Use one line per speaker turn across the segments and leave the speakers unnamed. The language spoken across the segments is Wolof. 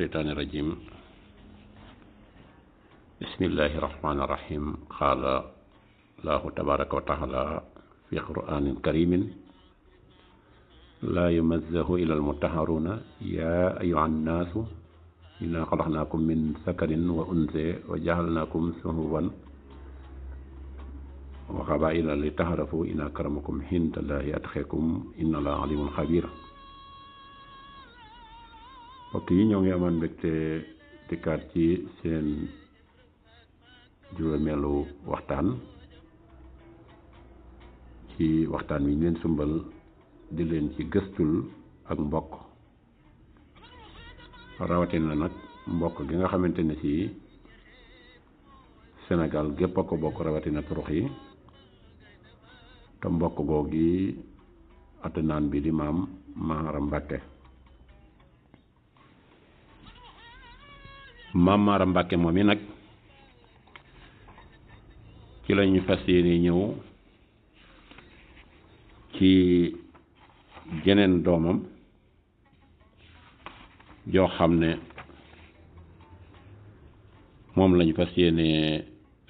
الشيطان الرجيم بسم الله الرحمن الرحيم قال الله تبارك وتعالى في قرآن كريم لا يمزه إلى المطهرون يا أيها الناس إنا خلقناكم من سكر وأنثى وجعلناكم شهوبا وقبائل لتعرفوا إن أكرمكم عند الله أتقاكم إن الله عليم خبير mbokk yi ñoo ngi amaan mbégte dikkaat ci seen juróomeelu waxtaan ci waxtaan wi ñu leen sumbal di leen ci gëstul ak mbokk rawatina nag mbokk gi nga xamante ne ci senegal gépp a ko bokk rawatina turux yi te mbokk googi atanaan bi di maam Maaram Mbàkke maam Mara Mbàkke moom yi nag ci la fas yéene ñëw ci jeneen doomam joo xam ne moom lañu fas yéene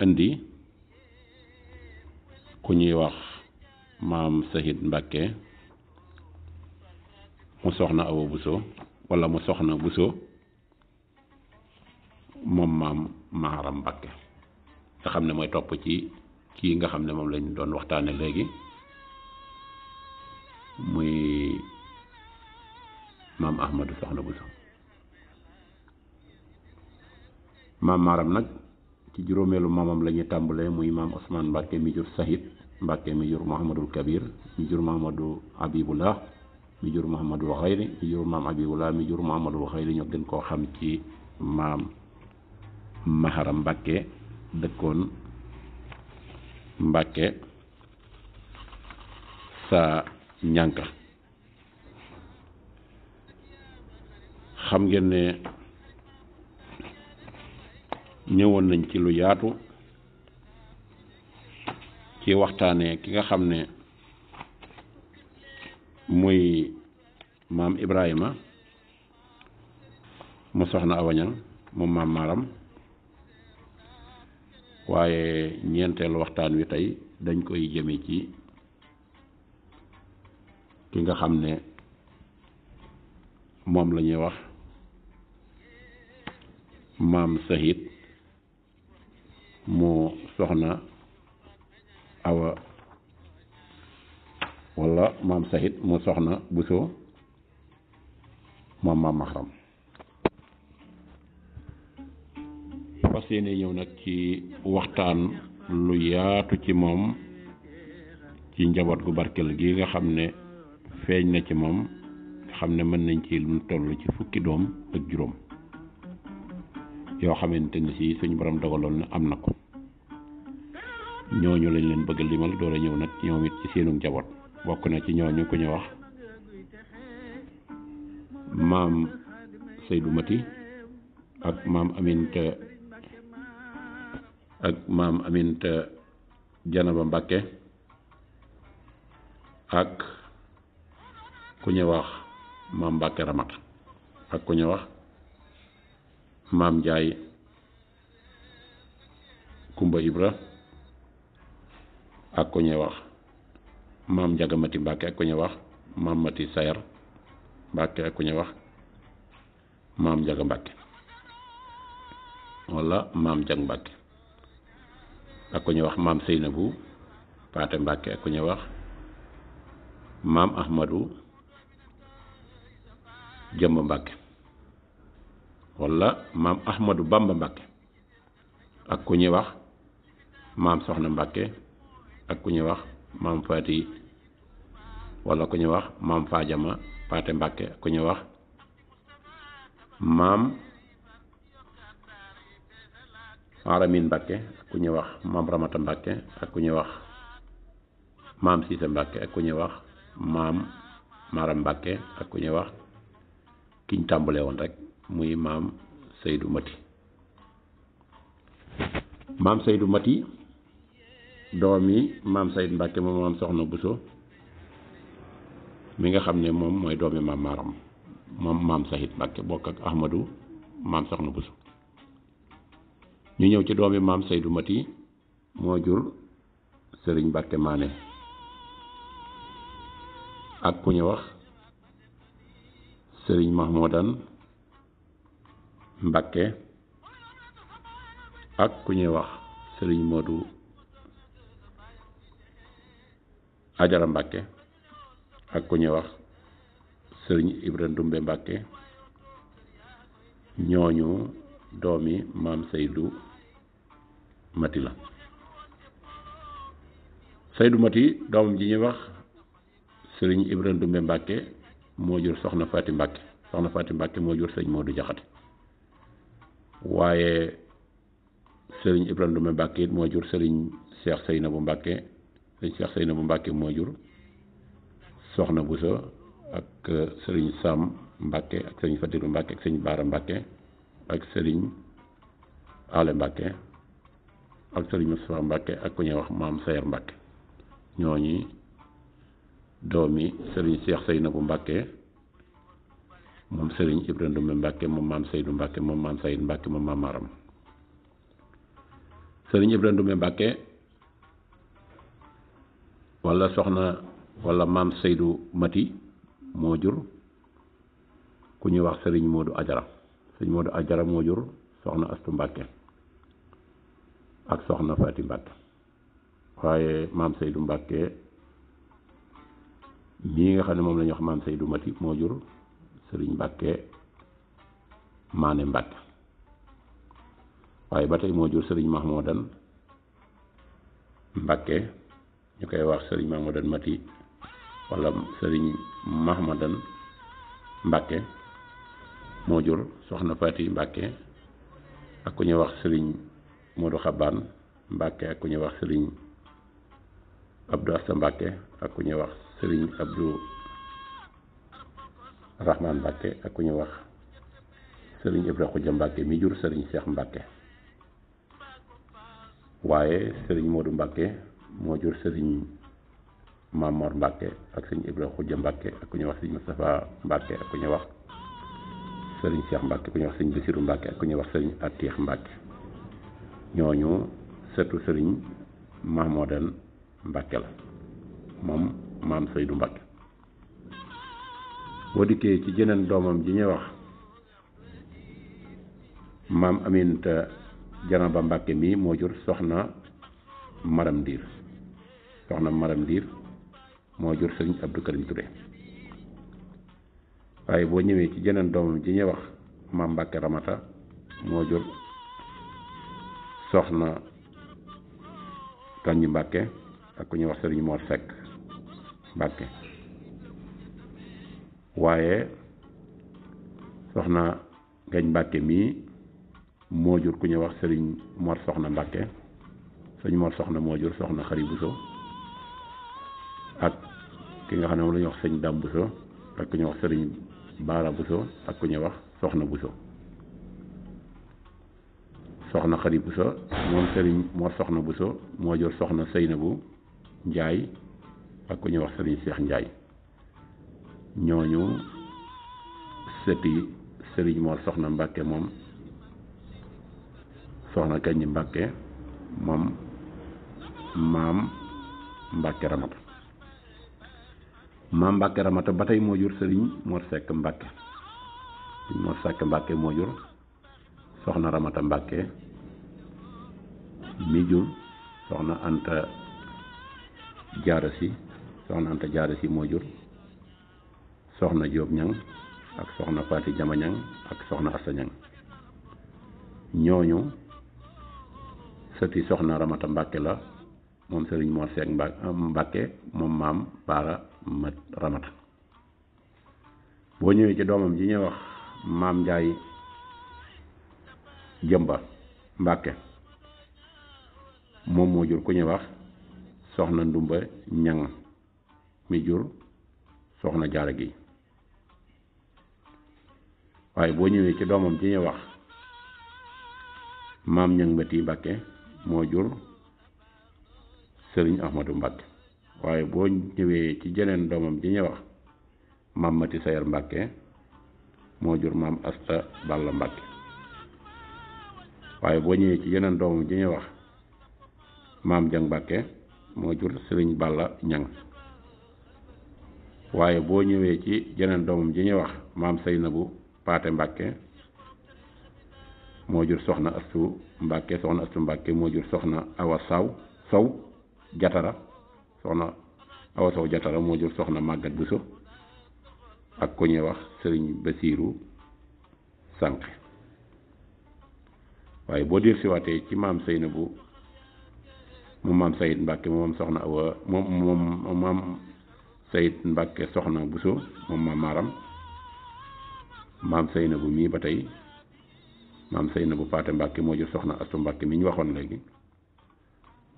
indi ku ñuy wax maam Sahid Mbàkke mu soxna Awa Buso walla mu soxna Buso moom maam Maaram Mbàkke nga xam ne mooy topp ci kii nga xam ne moom lañu doon waxtaane léegi muy maam Ahmadou Soxna Bousso maam Maaram nag ci juróomeelu maamam la ñuy tàmbalee muy maam Ousmane Mbàkke mi jur Sahid Mbàkke mi jur Mouhamadul Kabir mi jur Mouhamadou Abibullah mi jur Mouhamadul Xayri mi jur maam Abibullah mi jur Mouhamadul Xayri ñoo gën koo xam ci maam maxaram mbàkke dëkkoon mbàkke saa ñànka xam ngeen ne ñëwoon nañ ci lu yaatu ci waxtaanee ki nga xam ne muy maam Ibrahima mu soxna awañang moom maam maaram waaye ñeenteelu waxtaan wi tey dañ koy jëme ci ki nga xam ne moom la ñuy wax maam Sahid mu soxna awa walla maam Sahid mu soxna Buso moom maam Maxram fas yéene ñëw nag ci waxtaan lu yaatu ci moom ci njaboot gu barkeel gi nga xam ne feeñ na ci moom nga xam ne mën nañ ci lu toll ci fukki doom ak juróom yoo xamante ni si boroom borom dogaloon na am na ko ñoo ñooñu lañ leen bëgg limal door a ñëw nag ñoom it ci seenu njaboot bokk na ci ñooñu ku ñu wax maam Seydou Mati ak maam Aminta ak maam Aminta Janaba Mbàkke ak ku ñu wax maam Mbàkke Ramat ak ku ñu wax maam Njaay Kumba Ibra ak ku ñu wax maam Njagamati Mbàkke ak ku ñu wax maam Mati Sayar Mbàkke ak ku ñu wax maam Njaga Mbàkke walla maam Jag Mbàkke ak ku ñuy wax maam Seynabou Paate Mbàkke ak ku ñuy wax maam Ahmadou Jëmb Mbàkke walla maam Ahmadou Bamba Mbàkke ak ku ñuy wax maam Soxna Mbàkke ak ku ñuy wax maam Faati walla ku ñu wax maam Faajama Paate Mbàkke ku ñuy wax maam Aramin Mbàkke ak ku ñuy wax maam Ramata Mbàkke ak ku ñuy wax maam Siise Mbàkke ak ku ñuy wax maam Maram Mbàkke ak ku ñuy wax kiñ tàmbalee woon rek muy maam Seydou Mati maam Seydou Mati doom yi maam Seydou Mbàkke moom maam Soxna Buso mi nga xam ne moom mooy doomi maam Maram moom maam Sahid Mbàkke bokk ak Ahmadou maam Soxna Buso ñu ñëw ci doomi maam Seydou Mati moo jur sëriñ Mbàkke Maane ak ku ñu wax sëriñ Mahmoudan Mbàkke ak ku ñuy wax sëriñ Modou Ajara Mbàkke ak ku ñuy wax sëriñ Ibra Ndumbe Mbàkke ñooñu doomi maam Seydou mati la Saydu Mati doomam ji ñuy wax sëriñ Ibrahima Dumbe Mbàkke moo jur soxna Faati Mbàkke soxna Faati Mbàkke moo jur sëriñ Moodu Jaxate waaye sëriñ Ibrahima Dumbe Mbàkke moo jur sëriñ Cheikh Seynabu na bu Cheikh Seynabu Mbàkke moo jur soxna Buso ak euh, sëriñ Sam Mbàkke ak sëriñ Fatiru Mbàkke ak sëriñ Baara Mbàkke ak sëriñ Ale Mbàkke ak sëriñ Moustapha Mbacke ak ku ñuy wax maam Sayer ñoo ñooñi doomi sëriñ Cheikh Seynabou Mbacke moom sëriñ Ibrahima Ndoumbe Mbacke moom maam Seydou Mbacke moom maam Sayid Mbacke moom maam Maram sëriñ Ibrahima Ndoumbe Mbacke wala soxna walla maam Seydou Mati moo jur ku ñuy wax sëriñ Modou Ajara sëriñ Modou Ajara moo jur soxna Astu Mbacke. ak soxna Faati Mbàkke waaye maam Seydou Mbàkke mii nga xam ne moom la ñuy wax maam Seydou Mati moo jur Sëriñ Mbàkke Maane Mbàkke waaye ba tey moo jur Sëriñ Mahmoudan Mbàkke ñu koy wax Sëriñ Mahmoudan Mati walla Sëriñ Mahmoudan Mbàkke moo jur soxna Faati Mbàkke ak ku ñuy wax Sëriñ Modou Xabaan Mbàkke ak ñuy wax sëriñ Abdou Asta Mbàkke ak ku ñuy wax sëriñ Abdou Rahman Mbàkke ak ku ñuy wax sëriñ Ibra Xuja Mbàkke mi jur sëriñ Seex Mbàkke waaye sëriñ Modou Mbàkke moo jur sëriñ Mamor Mbàkke ak sëriñ Ibra Xuja Mbàkke ak ku ñuy wax sëriñ Moustapha Mbàkke ak ku ñuy wax sëriñ Cheikh Mbacke ku ñu wax sëriñ Bisiru Mbacke ak ku ñuy wax sëriñ Atiix Mbacke ñooñu setu sëriñ Mahmoudan Mbàkke la moom maam Seydou Mbàkke boo dikkee ci jeneen doomam ji ñuy wax maam Aminta Janaba Mbàkke mii moo jur soxna Maram Ndiir soxna Maram Ndiir moo jur sëriñ Abdou Karim waaye boo ñëwee ci jeneen doomam ji ñuy wax maam Mbàkke Ramata moo jur soxna Tandiou Mbacke ak ku ñuy wax Serigne Mor Seck Mbacke waaye soxna gañ Mbacke mii moo jur ku ñuy wax Serigne Mor Soxna Mbacke Serigne Mor Soxna moo jur soxna Xari Bousso ak ki nga xam ne moom la ñuy wax sëñ Dame Bousso ak ku ñuy wax Serigne Baara Bousso ak ku ñuy wax Soxna Bousso. soxna Xadi Buso moom sëriñ moo soxna bu so moo jur soxna seyna Seynabu Njaay ak ku ñuy wax sëriñ Seex Njaay ñooñu sëti sëriñ moo soxna Mbàkke moom soxna Kañ Mbàkke moom maam Mbàkke Ramata maam Mbàkke Ramata ba tey moo jur sëriñ moo Sekk Mbàkke moo Mor Sekk Mbàkke moo jur soxna Ramata Mbàkke mi jur soxna Anta jaaro Si soxna Anta Jaara Si moo jur soxna Jóob Ñaŋ ak soxna Faati Jama Ñaŋ ak soxna Asta Ñaŋ ñooñu sëti soxna Ramata Mbàkke la moom sëriñ Mor Seck Mbàkke moom maam Baara Mat Ramata boo ñëwee ci doomam ji ñuy wax maam Njaay jëmba mbàkke moom moo jur ku ñuy wax soxna ndumba ñang mi jur soxna jaara gi waaye boo ñëwee ci doomam ci ñuy wax maam ñang mbati mbàkke moo jur sëriñ ahmadu mbàkke waaye boo ñëwee ci jeneen doomam ji ñuy wax maam mati sayar mbàkke moo jur maam asta balla mbàkke waaye boo ñëwee ci yeneen doomam ji ñuy wax maam jang Mbàkke moo jur sëriñ Balla ñang waaye boo ñëwee ci jeneen doomam ji ñuy wax maam Seynabu Paate Mbàkke moo jur soxna astu Mbàkke soxna astu Mbàkke moo jur soxna awa saw saw jatara soxna awa saw jatara moo jur soxna màggat Buso ak ku ñuy wax sëriñ Basiiru Sànq waaye boo dellu siwaatee ci maam Seynabu moom maam Sayid Mbàkke soxna awa moom moom maam Sayid soxna Buso moom maam Maaram na Seynabu mii ba tey maam Seynabu Paate Mbàkke moo jur soxna Astu Mbàkke mi ñu waxoon léegi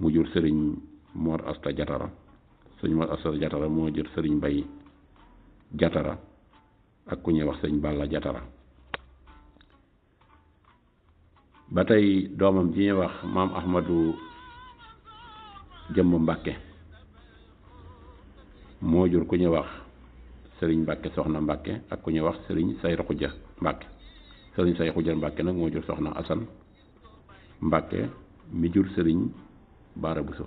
mu jur sëriñ Mor Asta Jatara sëriñ Mor Asta Jatara moo jur sëriñ Mbay Jatara ak ku ñuy wax sëriñ Bàlla Jatara ba tey doomam ji ñuy wax maam ahmadu jëmb mbàkke moo jur ku ñuy wax sëriñ mbàkke soxna mbàkke ak ku ñuy wax sëriñ say ruxuja mbàkke sëriñ say ruxuja mbàkke nag moo jur soxna asan mbàkke mi jur sëriñ baara buso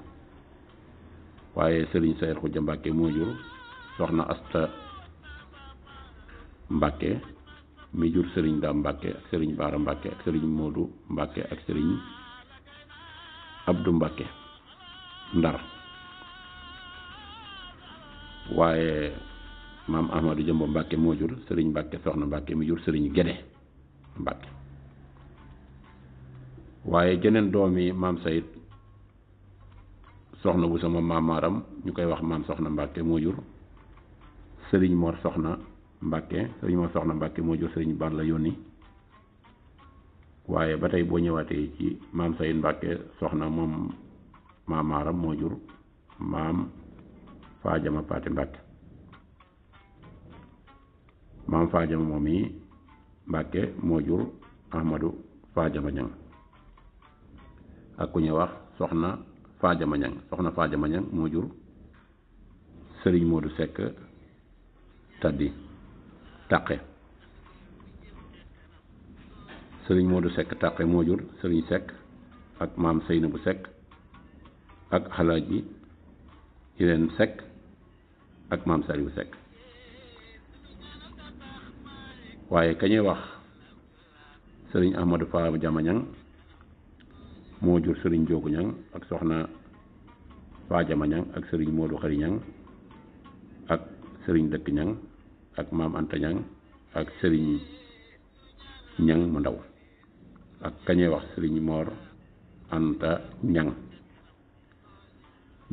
waaye sëriñ say ruxuja mbàkke moo jur soxna asta mbàkke mi jur sëriñ Daam Mbàkke ak sëriñ Baara Mbàkke ak sëriñ Moodu Mbàkke ak sëriñ Abdu Mbàkke Ndar waaye maam Ahmadou Jëmbo Mbàkke moo jur sëriñ Mbàkke soxna Mbàkke mi jur sëriñ Gede Mbàkke waaye jeneen doomi maam Sayid soxna bu sama maam Maaram ñu koy wax maam soxna Mbàkke moo jur sëriñ Mor soxna Mbàkke sëriñ Mor Soxna Mbàkke moo jur sëriñ Balla yónni waaye ba tey boo ñëwaatee ci maam Sayid Mbàkke soxna moom maam Maaram moo jur maam Faajama Paate Mbàkke maam Faajama moom yi Mbàkke moo jur Ahmadu Faajama Ñaŋ ak ku ñu wax soxna Faajama Ñaŋ soxna Faajama Ñaŋ moo jur sëriñ Moodu Sekk Taddi taqe sëriñ Modou Seck taqe moo jur sëriñ sekk ak maam Seynabu Seck ak xalaaji Ireen Seck ak maam Saliou Seck waaye kañuy wax sëriñ Ahmadou Fa Jamañang moo jur sëriñ Joogu Ñang ak soxna Fa Jamañang ak sëriñ Modou Xari Ñang ak sëriñ Dëkk Ñang ak maam Anta Ñang ak sëriñ Ñang mu ndaw ak kañee wax Serigne Mor Anta Ñang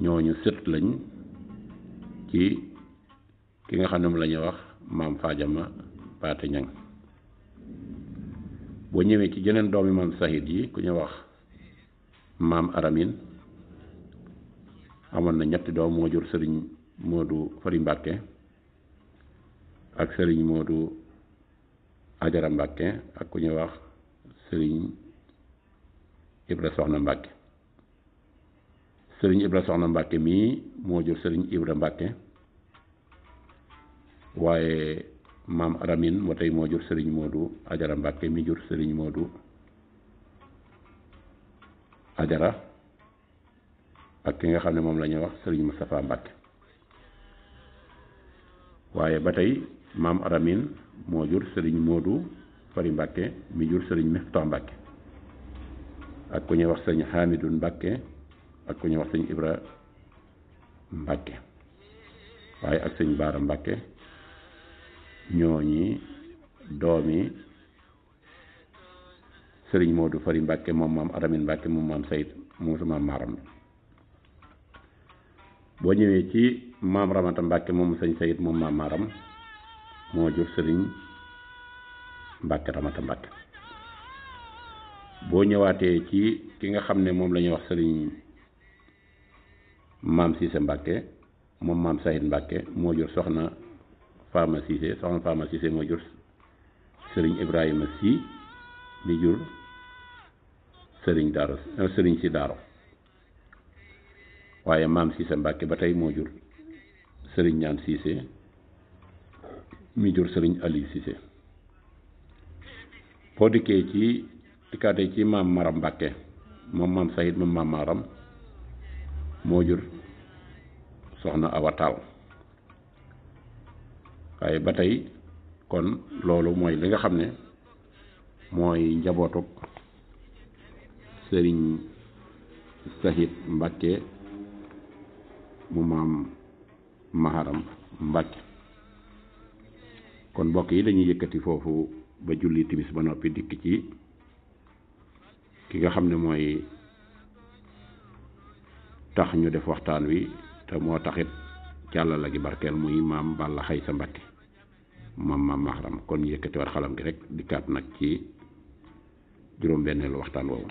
ñooñu sët lañ ci ki nga xam ne mu la wax maam Fajama Paate Ñang boo ñëwee ci jeneen doomi maam Sahid yi ku ñu wax maam Aramin amoon na ñetti doom moo jur Serigne Modou Fari Mbàkke ak sëriñ Modou Ajara Mbàkke ak ku ñuy wax sëriñ Ibra Soxna Mbàkke sëriñ Ibra Soxna Mbàkke mii moo jur sëriñ Ibra mbakke waaye maam Aramin moo tey moo jur sëriñ Modou Ajara Mbàkke mi jur sëriñ Modou Ajara ak ki nga xam ne moom la wax sëriñ Moustapha Mbàkke waaye ba tey maam Aramine moo jur sëriñ Modou Fari Mbàkke mi jur sëriñ Mefta Mbàkke ak ku ñuy wax sëriñ Hamidou Mbàkke ak ku ñuy wax sëriñ Ibra Mbàkke waaye ak sëriñ Baara Mbàkke ñooñi doomi sëriñ Modou Fari Mbàkke moom maam Aramine Mbàkke moom maam Sayid moom su maam Maaram boo ñëwee ci maam Ramata Mbàkke moom sañ Sayid moom maam Maaram moo jur sëriñ Mbàkke Ramata Mbàkke boo ñëwaatee ci ki nga xam ne moom la wax sëriñ maam Siise Mbàkke moom maam Sayid Mbàkke moo jur soxna Faama Siise soxna Faama Siise moo jur sëriñ Ibrahima Si mi jur sëriñ Daaro euh, sëriñ Si Daaro waaye maam Siise Mbàkke ba tey moo jur sëriñ ñaan Siise mi jur sëriñ Aliou Cissé boo dikkee ci dikkaatee ci maam Maram Mbàkke moom maam Sayid moom maam Maram soxna Awa waaye ba kon loolu mooy li nga xam ne mooy njabootuk sëriñ Sayid Mbàkke mu maam Maharam Mbàkke kon mbokk yi dañuy yëkkati foofu ba julli timis ba noppi dikk ci ki nga xam ne mooy tax ñu def waxtaan wi te moo taxit càllala gi barkeel muy maam Balla xay sa mbatti maam maam Mahram kon yëkkati war xalam gi rek dikkaat nag ci juróom-benneelu waxtaan woowu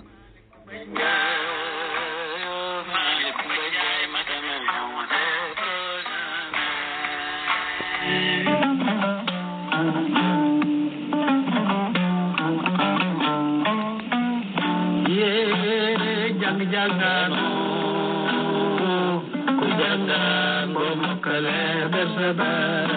Bye-bye.